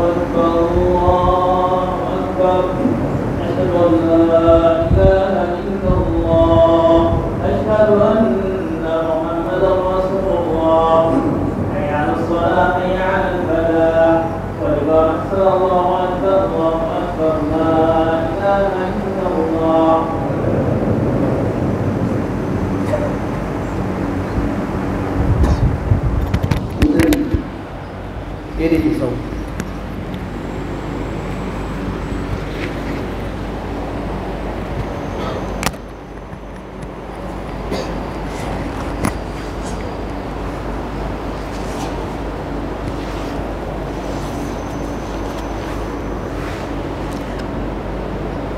one bone.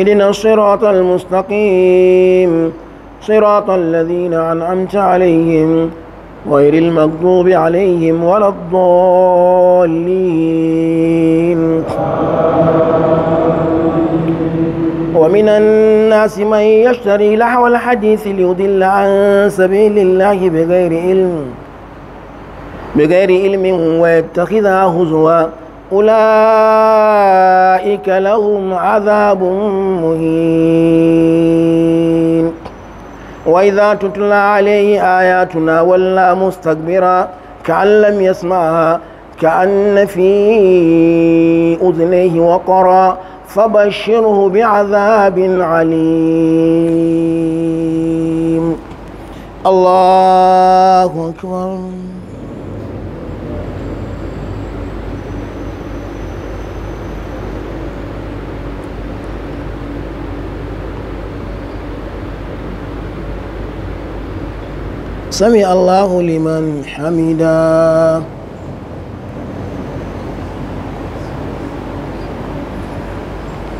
اهدنا الصراط المستقيم صراط الذين أنعمت عليهم غير المغضوب عليهم ولا الضالين ومن الناس من يشتري لحو الحديث ليضل عن سبيل الله بغير علم بغير علم ويتخذها هزواً أولئك لهم عذاب مهين وإذا تتلى عليه آياتنا ولا مستكبرا كأن لم يسمعها كأن في أذنيه وقرا فبشره بعذاب عليم الله أكبر سمع الله لمن حمدا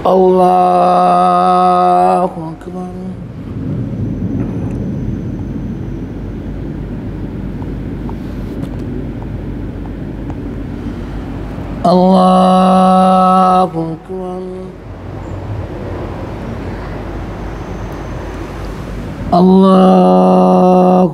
الله أكبر الله أكبر الله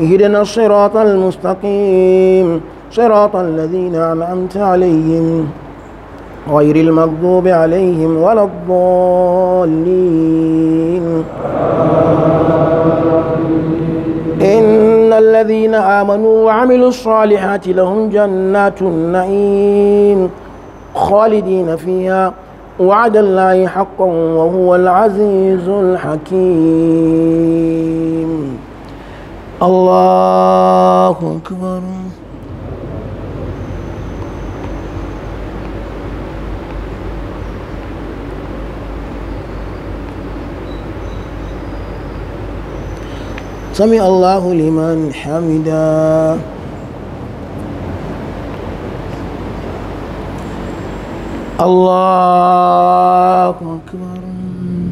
اهدنا الصراط المستقيم صراط الذين أنعمت عليهم غير المغضوب عليهم ولا الضالين إن الذين آمنوا وعملوا الصالحات لهم جنات النعيم خالدين فيها وعد الله حقا وهو العزيز الحكيم الله أكبر سمع الله لمن حمدا الله أكبر